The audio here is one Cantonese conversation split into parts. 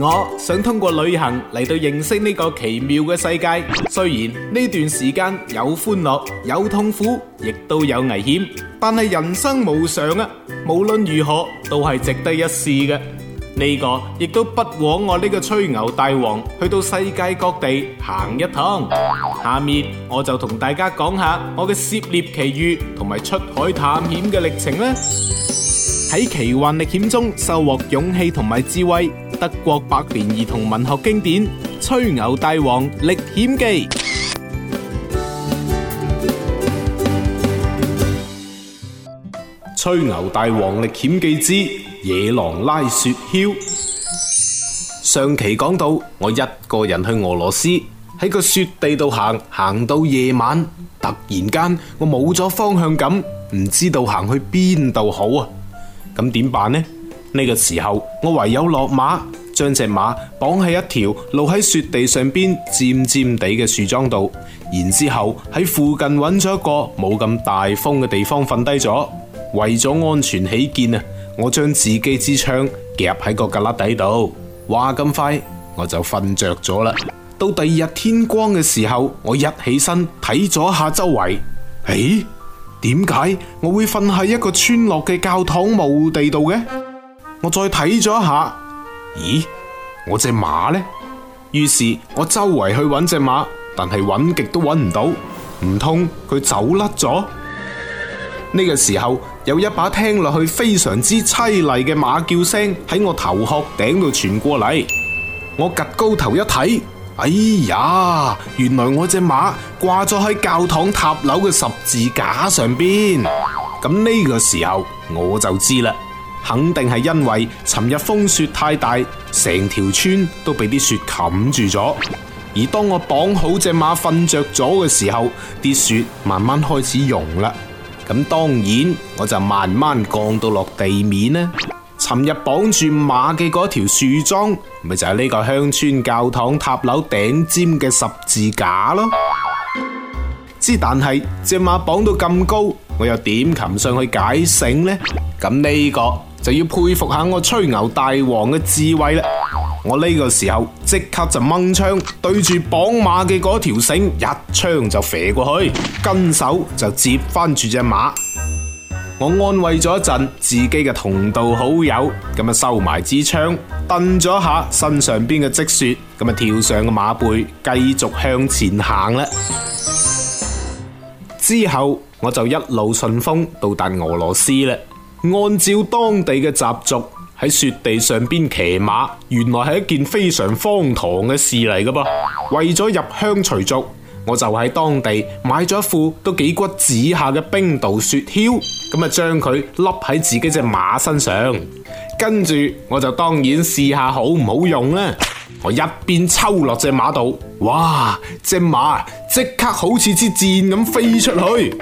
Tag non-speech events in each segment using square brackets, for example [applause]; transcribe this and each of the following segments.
我想通過旅行嚟到認識呢個奇妙嘅世界。雖然呢段時間有歡樂、有痛苦，亦都有危險，但係人生無常啊！無論如何，都係值得一試嘅。呢個亦都不枉我呢個吹牛大王去到世界各地行一趟。下面我就同大家講下我嘅涉獵奇遇同埋出海探險嘅歷程啦。喺奇幻歷險中收穫勇氣同埋智慧。德國百年兒童文學經典《吹牛大王歷險記》《吹牛大王歷險記之野狼拉雪橇》上期講到，我一個人去俄羅斯喺個雪地度行，行到夜晚，突然間我冇咗方向感，唔知道行去邊度好啊！咁點辦呢？呢個時候我唯有落馬。將隻馬綁喺一條露喺雪地上邊，漸漸地嘅樹樁度，然之後喺附近揾咗一個冇咁大風嘅地方瞓低咗。為咗安全起見啊，我將自己支槍夾喺個胳肋底度。話咁快我就瞓着咗啦。到第二日天光嘅時候，我一起身睇咗下周圍，誒，點解我會瞓喺一個村落嘅教堂墓地度嘅？我再睇咗一下。咦，我隻馬呢？於是我周圍去揾隻馬，但係揾極都揾唔到，唔通佢走甩咗？呢、呢個時候有一把聽落去非常之淒厲嘅馬叫聲喺我頭殼頂度傳過嚟，我及高頭一睇，哎呀，原來我隻馬掛咗喺教堂塔樓嘅十字架上面，咁、呢、呢個時候我就知啦。肯定係因為尋日風雪太大，成條村都俾啲雪冚住咗。而當我綁好隻馬瞓着咗嘅時候，啲雪慢慢開始融啦。咁當然我就慢慢降到落地面呢。尋日綁住馬嘅嗰條樹樁，咪就係呢個鄉村教堂塔樓頂尖嘅十字架咯。之但係隻馬綁到咁高，我又點擒上去解繩呢？咁呢個就要佩服下我吹牛大王嘅智慧啦！我呢個時候即刻就掹槍對住綁馬嘅嗰條繩一槍就射過去，跟手就接翻住隻馬。我安慰咗一陣自己嘅同道好友，咁啊收埋支槍，掟咗下身上邊嘅積雪，咁啊跳上個馬背，繼續向前行啦。之後我就一路順風到達俄羅斯啦。按照當地嘅習俗，喺雪地上邊騎馬，原來係一件非常荒唐嘅事嚟㗎噃。為咗入鄉隨俗，我就喺當地買咗一副都幾骨子下嘅冰道雪橇，咁啊將佢笠喺自己隻馬身上，跟住我就當然試下好唔好用啦。我一邊抽落隻馬度，哇，隻馬即刻好似支箭咁飛出去，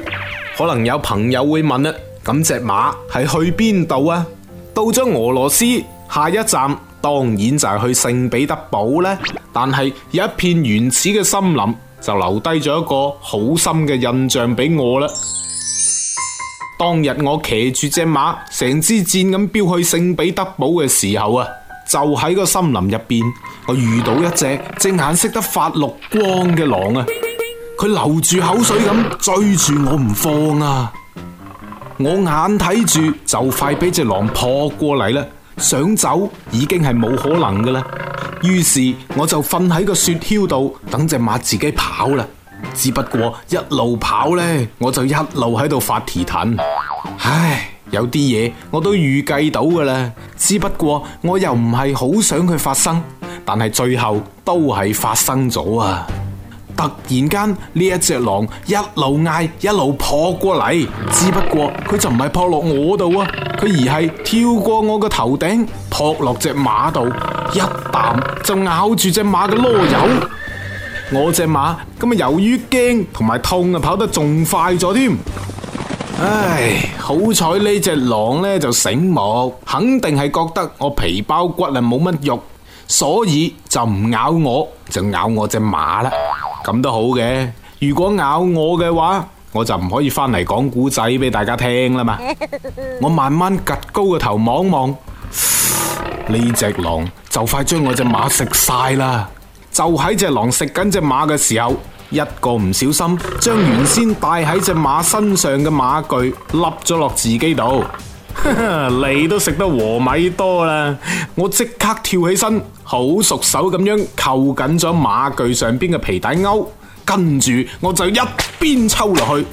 可能有朋友會問啦，咁隻馬係去邊度啊？到咗俄羅斯，下一站當然就係去聖彼得堡咧。但係有一片原始嘅森林，就留低咗一個好深嘅印象俾我啦。當日我騎住隻馬，成支箭咁飆去聖彼得堡嘅時候啊，就喺個森林入邊，我遇到一隻正眼識得發綠光嘅狼啊！佢流住口水咁追住我唔放啊！我眼睇住就快俾隻狼撲過嚟啦，想走已經係冇可能噶啦。於是我就瞓喺個雪橇度等隻馬自己跑啦。只不過一路跑呢，我就一路喺度發蹄騰。唉，有啲嘢我都預計到噶啦，只不過我又唔係好想佢發生，但係最後都係發生咗啊！突然間呢，一隻狼一路嗌，一路撲過嚟。只不過佢就唔係撲落我度啊，佢而係跳過我個頭頂，撲落隻馬度，一啖就咬住隻馬嘅囉柚。我隻馬咁啊，由於驚同埋痛啊，跑得仲快咗添。唉，好彩呢隻狼呢就醒目，肯定係覺得我皮包骨啊，冇乜肉，所以就唔咬我，就咬我隻馬啦。咁都好嘅，如果咬我嘅話，我就唔可以返嚟講故仔俾大家聽啦嘛。 [laughs] 我慢慢趷高個頭望望，呢隻狼就快將我隻馬食晒啦。就喺隻狼食緊隻馬嘅時候，一個唔小心，將原先戴喺隻馬身上嘅馬具笠咗落自己度。 [laughs] 你都食得禾米多啦， [laughs] 我即刻跳起身，好熟手咁樣扣緊咗馬具上邊嘅皮帶鈎，跟住我就一邊抽落去。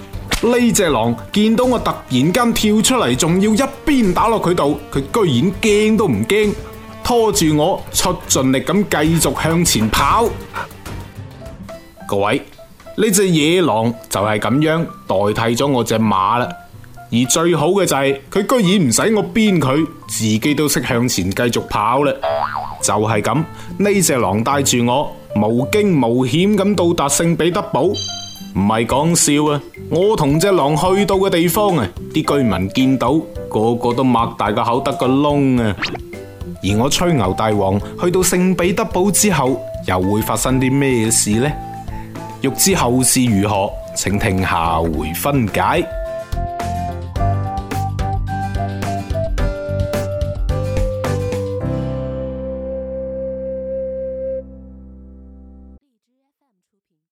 呢 [laughs] 隻狼見到我突然間跳出嚟，仲要一邊打落佢度，佢居然驚都唔驚，拖住我出盡力咁繼續向前跑。 [laughs] 各位，呢隻野狼就係咁樣代替咗我隻馬啦。而最好嘅就係，佢居然唔使我鞭佢，自己都識向前繼續跑啦。就係咁，呢隻狼帶住我，無驚無險咁到達聖彼得堡。唔係講笑啊，我同隻狼去到嘅地方啊，啲居民見到個個都擘大個口得個窿啊。而我吹牛大王去到聖彼得堡之後，又會發生啲咩事呢？欲知後事如何，請聽下回分解。